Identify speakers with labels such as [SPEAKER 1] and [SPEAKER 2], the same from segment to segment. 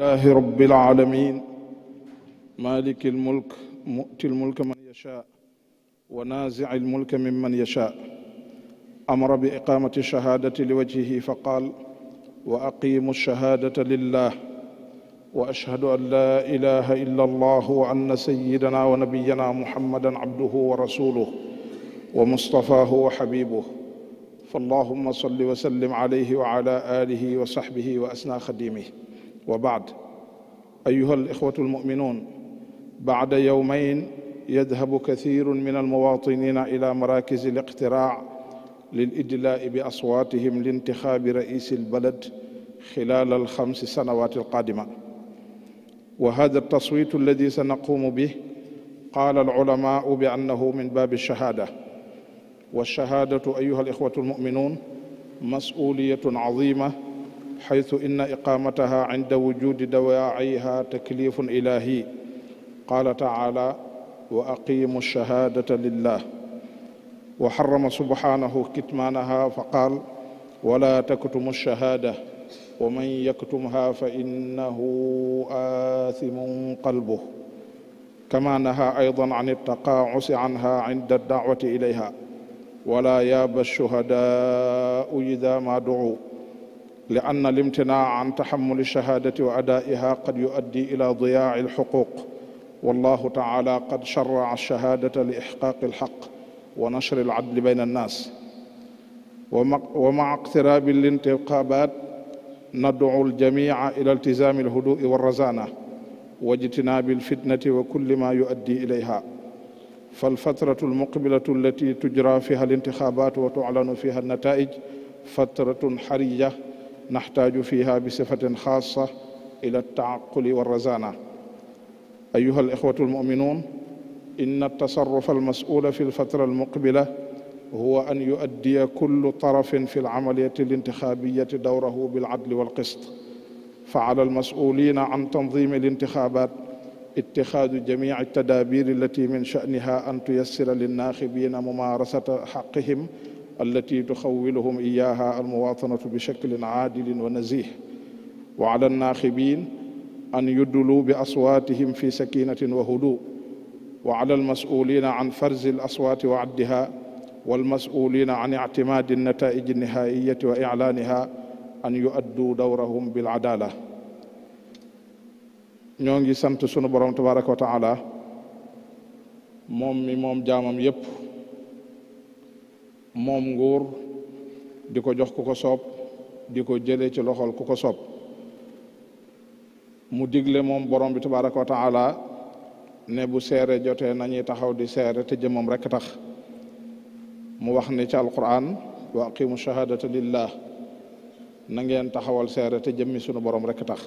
[SPEAKER 1] لله رب العالمين مالك الملك مؤتي الملك من يشاء ونازع الملك ممن يشاء امر باقامه الشهاده لوجهه فقال واقيموا الشهاده لله واشهد ان لا اله الا الله وان سيدنا ونبينا محمدا عبده ورسوله ومصطفاه وحبيبه فاللهم صل وسلم عليه وعلى اله وصحبه واسنى خديمه وبعد أيها الإخوة المؤمنون بعد يومين يذهب كثير من المواطنين إلى مراكز الاقتراع للإدلاء بأصواتهم لانتخاب رئيس البلد خلال الخمس سنوات القادمة وهذا التصويت الذي سنقوم به قال العلماء بأنه من باب الشهادة والشهادة أيها الإخوة المؤمنون مسؤولية عظيمة حيث إن إقامتها عند وجود دواعيها تكليف إلهي قال تعالى وأقيموا الشهادة لله وحرم سبحانه كتمانها فقال ولا تكتموا الشهادة ومن يكتمها فإنه آثم قلبه كما نهى أيضا عن التقاعس عنها عند الدعوة إليها ولا ياب الشهداء إذا ما دعوا لأن الامتناع عن تحمل الشهادة وأدائها قد يؤدي إلى ضياع الحقوق والله تعالى قد شرع الشهادة لإحقاق الحق ونشر العدل بين الناس ومع اقتراب الانتخابات ندعو الجميع إلى التزام الهدوء والرزانة واجتناب الفتنة وكل ما يؤدي إليها فالفترة المقبلة التي تجرى فيها الانتخابات وتعلن فيها النتائج فترة حرجة نحتاج فيها بصفة خاصة إلى التعقل والرزانة أيها الإخوة المؤمنون إن التصرف المسؤول في الفترة المقبلة هو أن يؤدي كل طرف في العملية الانتخابية دوره بالعدل والقسط فعلى المسؤولين عن تنظيم الانتخابات اتخاذ جميع التدابير التي من شأنها أن تيسر للناخبين ممارسة حقهم التي تخولهم إياها المواطنة بشكل عادل ونزيه وعلى الناخبين أن يدلوا بأصواتهم في سكينة وهدوء وعلى المسؤولين عن فرز الأصوات وعدها والمسؤولين عن اعتماد النتائج النهائية وإعلانها أن يؤدوا دورهم بالعدالة ñoo ngi sant تبارك وتعالى tabaraka موم taala moom moom nguur di ko jox ku ko soob di ko jële ci loxol ku ko soob mu digle moom borom bi tabaraka wa taala ne bu seere jotee nañuy taxaw di seere te jëmam rekk tax mu wax ni ci alquran wa aqimu shahadata lillah na ngeen taxawal seere te jëmmi sunu borom rekk tax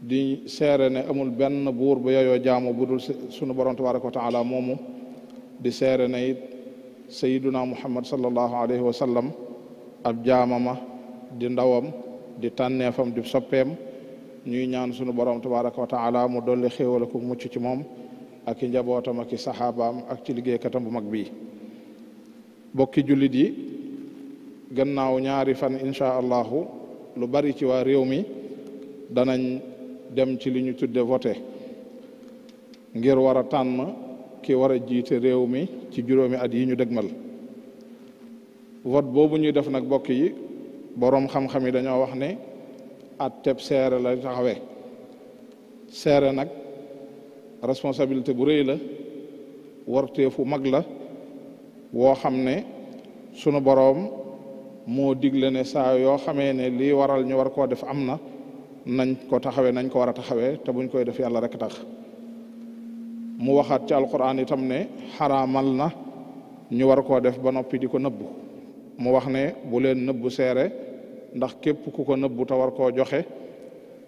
[SPEAKER 1] di seere ne amul benn buur bu yeyoo jaamu bu dul sunu borom tabaraka wa taala moomu di seere ne it sayiduna muhammad sallallahu alayhi wa sallam ab jaamama di ndawam di tànneefam di soppeem ñuy ñaan sunu borom tabaraka wa mu dolli xéewal ko mucc ci moom ak i njabootam ak i saxaabaam ak ci liggéeykatam bu mag bii bokki jullit yi gannaaw ñaari fan incha allahu lu bari ci waa réew mi danañ dem ci li ñu tudde voté ngir war a tànn ki war a jiite réew mi ci juróomi at yi ñu degmal vote boobu ñuy def nag bokk yi boroom xam-xam yi dañoo wax ne at teb seere la taxawee seere nag responsabilité bu rëy la warteefu mag la woo xam ne sunu boroom moo digle ne saa yoo xamee ne lii waral ñu war koo def am na nañ ko taxawee nañ ko war a taxawee te buñ koy def yàlla rek tax mu waxaat ci alquran itam ne xaraamal na ñu war koo def ba noppi di ko nëbbu mu wax ne bu leen nëbbu seere ndax képp ku ko nëbbu te war koo joxe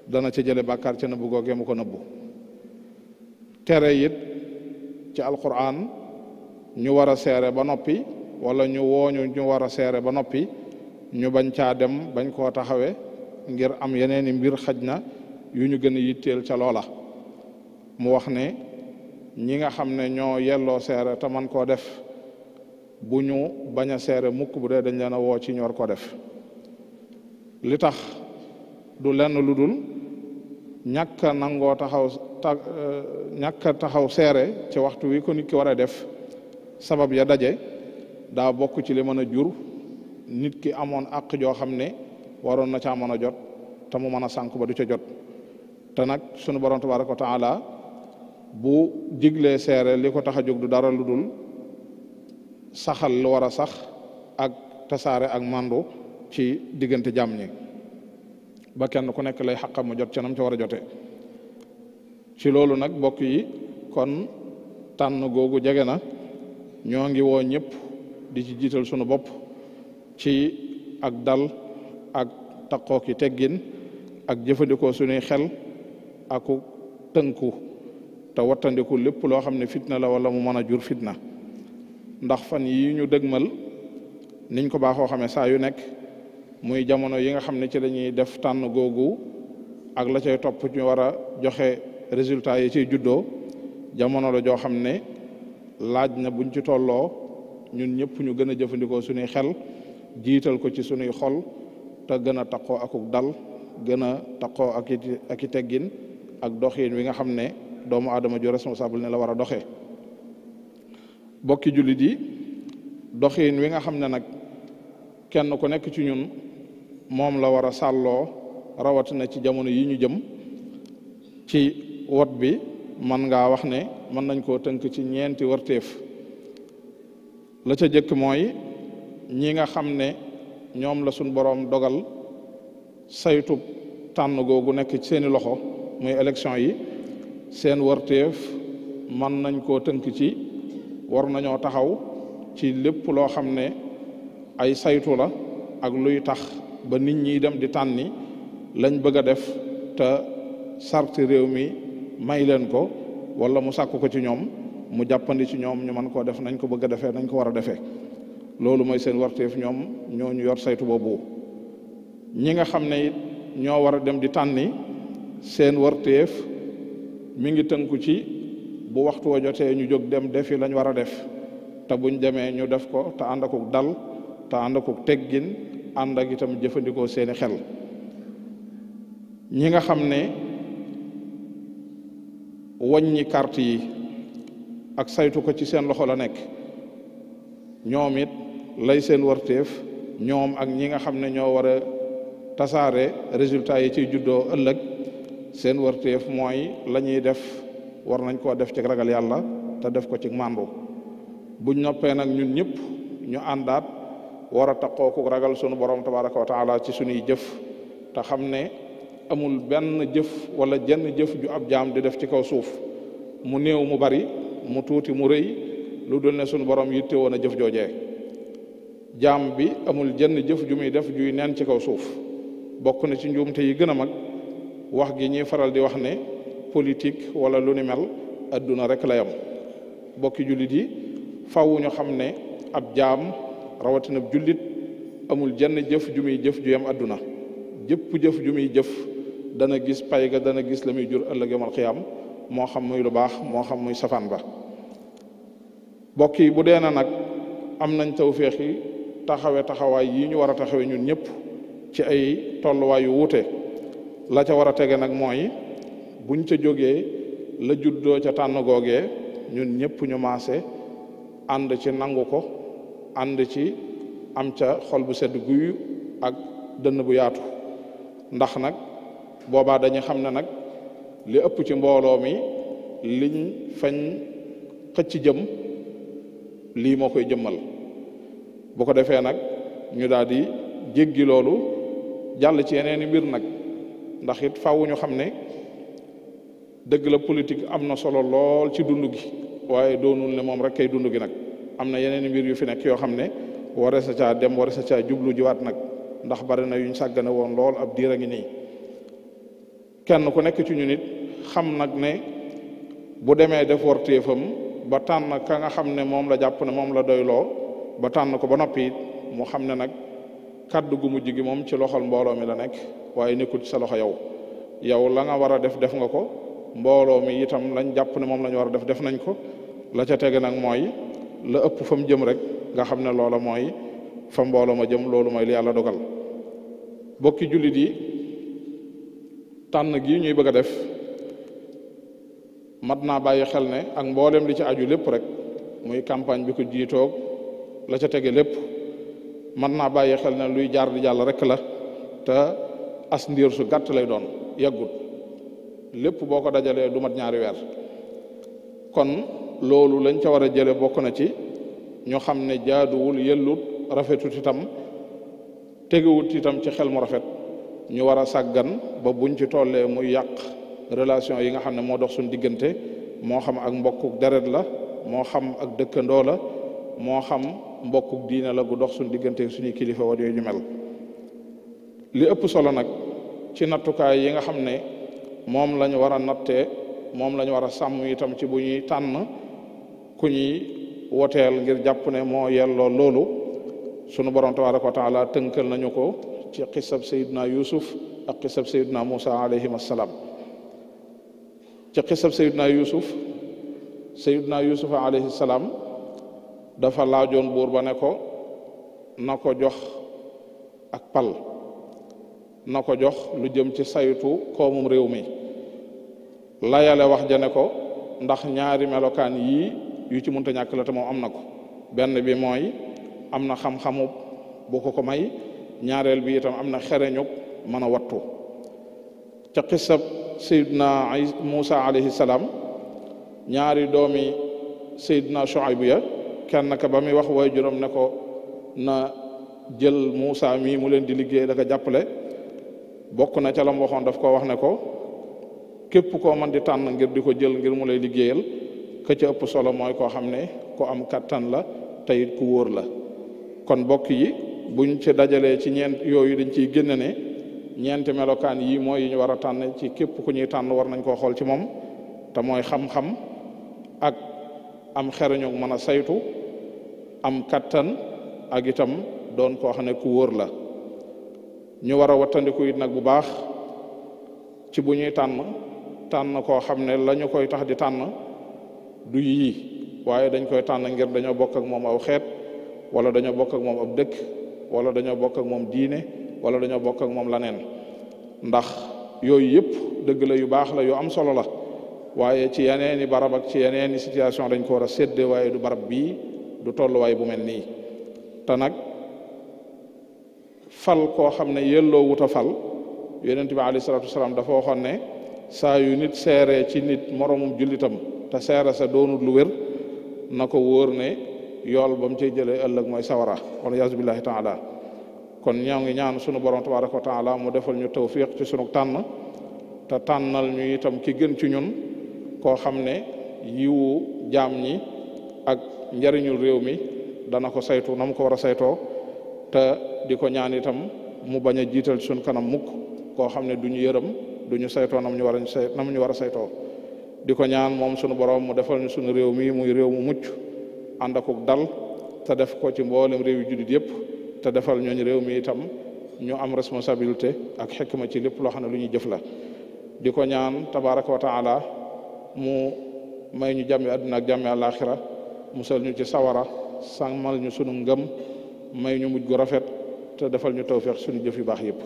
[SPEAKER 1] dana ca jële bàkkaar ca nëbbu googee mu ko nëbbu tere it ci alquran ñu war a seere ba noppi wala ñu wooñu ñu war a seere ba noppi ñu bañ caa dem bañ koo taxawe ngir am yeneeni mbir xaj na yu ñu gën a yitteel ca loola mu wax ne ñi nga xam ne ñoo yelloo seere te man koo def bu ñu bañ a seere mukk bu dee dañ leen a woo ci ñor ko def li tax du lenn lu dul ñàkk nangoo taxaw euh, ñàkk taxaw seere ci waxtu wi ko nit ki war a def sabab ya daje daa bokk ci li mën a jur nit ki amoon àq joo xam ne waroon na caa mën a jot te mu mën a sànk ba du ca jot te nag sunu borom tabaraka wa taala bu diglee seere liko ko tax a jóg du dara lu saxal lu war sax ak tasaare ak màndu ci diggante jàmm ñi ba kenn ku nekk lay xaqam mu jot ca nam jote ci loolu nag bokk yi kon tan googu jege na ñoo ngi woo ñëpp di ci jiital sunu bopp ci ak dal ak taqoo ki teggin ak jëfandikoo sunuy xel aku tënku te wattandiku lépp loo xam ne fitna la wala mu mën a jur fitna ndax fan yi ñu dëgmal niñ ko baaxoo xamee saa yu nekk muy jamono yi nga xam ne ci lañuy def tànn googu ak la cay topp ñu war a joxe résultat yi ciy juddoo jamono la joo xam ne laaj na buñ ci tolloo ñun ñëpp ñu gën a jëfandikoo suñuy xel jiital ko ci suñuy xol te gën a taqoo akuk dal gën a taqoo ak i ak doxin wi nga xam ne doomu aadama ju responsable ne la war a doxe bokki jullit yi doxin wi nga xam ne nag kenn ku nekk ci ñun moom la war a sàlloo rawatina ci jamono yi ñu jëm ci wot bi man ngaa wax ne mën nañ koo tënk ci ñeenti warteef la ca jëkk mooy ñi nga xam ne ñoom la suñ boroom dogal saytu tànn googu nekk ci seeni loxo mooy élection yi seen warteef man nañ koo tënk ci war nañoo taxaw ci lépp loo xam ne ay saytu la ak luy tax ba nit ñi dem di tànni lañ bëgg a def te sarti réew mi may leen ko wala mu sàkku ko ci ñoom mu jàppandi ci ñoom ñu mën koo def nañ ko bëgg a defee nañ ko war a defee loolu mooy seen warteef ñoom ñoo ñu yor saytu boobu ñi nga xam ne it ñoo war a dem di tànni seen warteef mi ngi tënku ci bu waxtu wa jotee ñu jóg dem defi lañ war a def te buñ demee ñu def ko te ànd akuk dal te ànd akuk teggin ànd itam jëfandikoo seeni xel ñi nga xam ne waññi kart yi ak saytu ko ci seen loxo la nekk ñoom it lay seen warteef ñoom ak ñi nga xam ne ñoo war a tasaare résultat yi ciy juddoo ëllëg seen warteef mooy la ñuy def war nañ koo def ci ragal yàlla te def ko ci màndu bu noppee nag ñun ñëpp ñu àndaat war a taqoo ku ragal sunu borom tabaraka wa taala ci sunuy jëf te xam ne amul benn jëf wala jenn jëf ju ab jaam di def ci kaw suuf mu néew mu bari mu tuuti mu rëy lu dul ne sunu borom yitte woon a jëf jooje jaam bi amul jenn jëf ju muy def juy neen ci kaw suuf bokk na ci njuumte yi gën a mag wax gi ñuy faral di wax ne politique wala lu ni mel adduna rek la yam bokki jullit yi faaw ñu xam ne ab jaam rawatina ab jullit amul jenn jëf jumi muy jëf ju yam jëpp jëf ju jëf dana gis pay ga dana gis la muy jur ëllëg yamal xiyaam moo xam muy lu baax moo xam muy safaan ba bokk yi bu dee na nag am nañ tawféex yi taxawe taxawaay yi ñu war a taxawe ñun ñëpp ci ay tolluwaay yu wuute la ca war a tege nag mooy buñ ca jógee la juddoo ca tànn googee ñun ñëpp ñu maase ànd ci nangu ko ànd ci am ca xol bu sedd guyu ak dënn bu yaatu ndax nag boobaa dañu xam na nag li ëpp ci mbooloo mi liñ fañ xëcc jëm lii moo koy jëmmal bu ko defee nag ñu daal di loolu jàll ci yeneen i mbir nag ndax it faaw ñu xam ne dëgg la politique am na solo lool ci dund gi waaye doonul ne moom rek kay dund gi nag am na yeneen mbir yu fi nekk yoo xam ne war sa caa dem war sa caa jublu jiwaat nag ndax bari na yuñ sàggane woon lool ab diir a ngi nii kenn ku nekk ci ñu nit xam nag ne bu demee def wartéefam ba tànn ka nga xam ne moom la jàpp ne moom la doyloo ba tànn ko ba noppi mu xam ne nag kaddu gu mujj gi moom ci loxol mbooloo mi la nekk waaye nekkul ci sa loxo yow yow la nga war def def nga ko mbooloo mi itam lañ jàpp ne moom lañ ñu war a def def nañ ko la ca tege nag mooy la ëpp fa mu jëm rek nga xam ne loola mooy fa mbooloo ma jëm loolu mooy li yàlla dogal bokki jullit yi tànn gi ñuy bëgg a def mat naa bàyyi xel ne ak mboolem li ci aju lépp rek muy campagne bi ko jiitoog la ca tege lépp mat naa bàyyi xel ne luy jaar di jàll rek la te as ndiir su gàtt lay doon yàggut lépp boo ko dajalee du mat ñaari weer kon loolu lañ ca war a jële bokk na ci ñu xam ne jaaduwul yellut rafetut itam tegewut itam ci xel mu rafet ñu war a sàggan ba buñ ci tollee muy yàq relation yi nga xam ne moo dox suñ diggante moo xam ak mbokkuk deret la moo xam ak dëkkandoo la moo xam mbokkuk diine la gu dox suñ diggante suñu kilifa war yooyu ñu mel li ëpp solo nag ci nattukaay yi nga xam ne moom lañu war a nattee moom lañu war a sàmm itam ci bu ñuy tànn ku ñuy woteel ngir jàpp ne moo yelloo loolu sunu borom tabaraka wa taala tënkal nañu ko ci xisab sayiduna yusuf ak xisab sayiduna musa alayhim assalaam ci xisab sayiduna yusuf sayiduna yusuf alayhi salaam dafa laajoon buur ba ne ko na ko jox ak pal na ko jox lu jëm ci saytu koomum réew mi layale wax jane ko ndax ñaari melokaan yii yu ci munta ñàkk moom am na ko benn bi mooy am na xam-xamu bu ko ko may ñaareel bi itam am na xereñu mën a wattu ca xisab sayidna Muusa alayhi salaam ñaari doomi sayidna Shuayb ya kenn ka ba muy wax waaye juróom ne ko na jël Muusa mii mu leen di liggéey daga ko jàppale bokk na ca lam waxoon daf koo wax ne ko képp ko mën di tànn ngir di ko jël ngir mu lay liggéeyal ka ca ëpp solo mooy koo xam ne ko am kattan la teyit ku wóor la kon bokk yi buñ ci dajalee ci ñeent yooyu dañ ciy génn ne ñeenti melokaan yi mooy yi ñu war a tànn ci képp ku ñuy tànn war nañ koo xool ci moom te mooy xam-xam ak am xereñu mën a saytu am kattan ak itam doon koo xam ne ku wóor la ñu war a wattandiku it nag bu baax ci bu ñuy tànn tànn koo xam ne la koy tax di tànn du yii waaye dañ koy tànn ngir dañoo bokk ak moom aw xeet wala dañoo bokk moom ab dëkk wala dañoo bokk ak moom diine wala dañoo bokk ak moom laneen ndax yooyu yëpp dëgg la yu baax la yu am solo la waaye ci yeneeni barab ak ci yeneeni situation dañ ko war a sédde waaye du barab bii du tolluwaay bu mel nii te nag fal koo xam ne yelloo wut a fal yonent bi alayhi salaatu wasalaam dafa waxoon ne saa yu nit seere ci nit moroomum jullitam te seere sa doonut lu wér na ko wóor ne yool ba mu cay jëlee ëllëg mooy sawara wala yaasu billahi taala kon ñoo ngi ñaan sunu borom tabaraka wa taala mu defal ñu tawfiq ci sunu tànn te tànnal ñu itam ki gën ci ñun koo xam ne yiwu jaam ñi ak njariñul réew mi dana ko saytu na mu ko war a saytoo te di ko ñaan itam mu bañ a jiital suñ kanam mukk koo xam ne du ñu yërëm du ñu saytoo nam ñu war a say ñu war a saytoo di ko ñaan moom sunu borom mu defal ñu sunu réew mi muy réew mu mucc ànd akuk dal te def ko ci mboolem réew yu jullit yëpp te defal ñooñu réew mi itam ñu am responsabilité ak xikma ci lépp loo xam ne lu ñuy jëf la di ko ñaan tabaraka wa taala mu may ñu jàmmi àdduna ak jàmmi àllaaxira musal ñu ci sawara sàmmal ñu sunu ngëm may ñu mujj gu rafet te defal ñu tawfiq suñu jëf yu baax yépp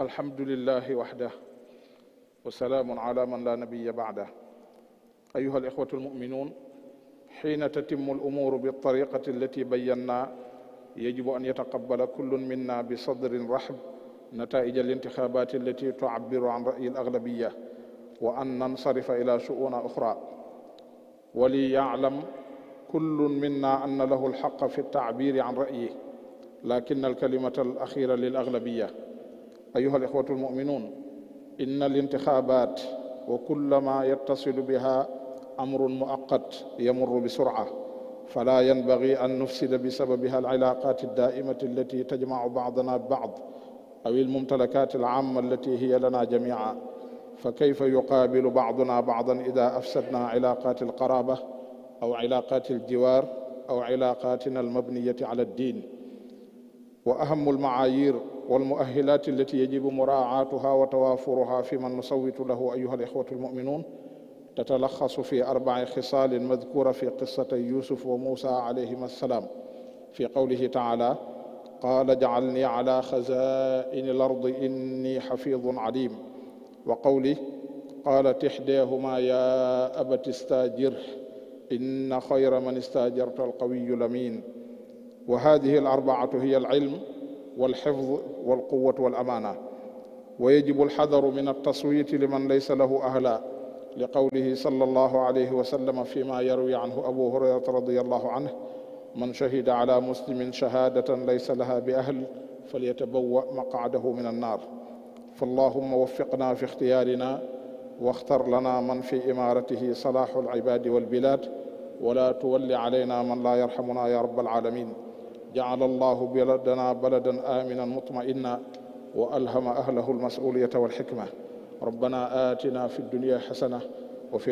[SPEAKER 1] الحمد لله وحده وسلام على من لا نبي بعده أيها الإخوة المؤمنون حين تتم الأمور بالطريقة التي بينا يجب أن يتقبل كل منا بصدر رحب نتائج الانتخابات التي تعبر عن رأي الأغلبية وأن ننصرف إلى شؤون أخرى وليعلم كل منا أن له الحق في التعبير عن رأيه لكن الكلمة الأخيرة للأغلبية أيها الإخوة المؤمنون إن الانتخابات وكل ما يتصل بها أمر مؤقت يمر بسرعة فلا ينبغي أن نفسد بسببها العلاقات الدائمة التي تجمع بعضنا ببعض أو الممتلكات العامة التي هي لنا جميعا فكيف يقابل بعضنا بعضا إذا أفسدنا علاقات القرابة أو علاقات الجوار أو علاقاتنا المبنية على الدين وأهم المعايير والمؤهلات التي يجب مراعاتها وتوافرها فيمن نصوت له أيها الإخوة المؤمنون تتلخص في أربع خصال مذكورة في قصة يوسف وموسى عليهما السلام في قوله تعالى قال اجعلني على خزائن الأرض إني حفيظ عليم وقوله قالت إحداهما يا أبت استاجره إن خير من استاجرت القوي الأمين وهذه الأربعة هي العلم والحفظ والقوة والأمانة ويجب الحذر من التصويت لمن ليس له أهلا لقوله صلى الله عليه وسلم فيما يروي عنه أبو هريرة رضي الله عنه من شهد على مسلم شهادة ليس لها بأهل فليتبوأ مقعده من النار فاللهم وفقنا في اختيارنا واختر لنا من في إمارته صلاح العباد والبلاد ولا تول علينا من لا يرحمنا يا رب العالمين جعل الله بلدنا بلدا آمنا مطمئنا وألهم أهله المسؤولية والحكمة ربنا آتنا في الدنيا حسنة وفي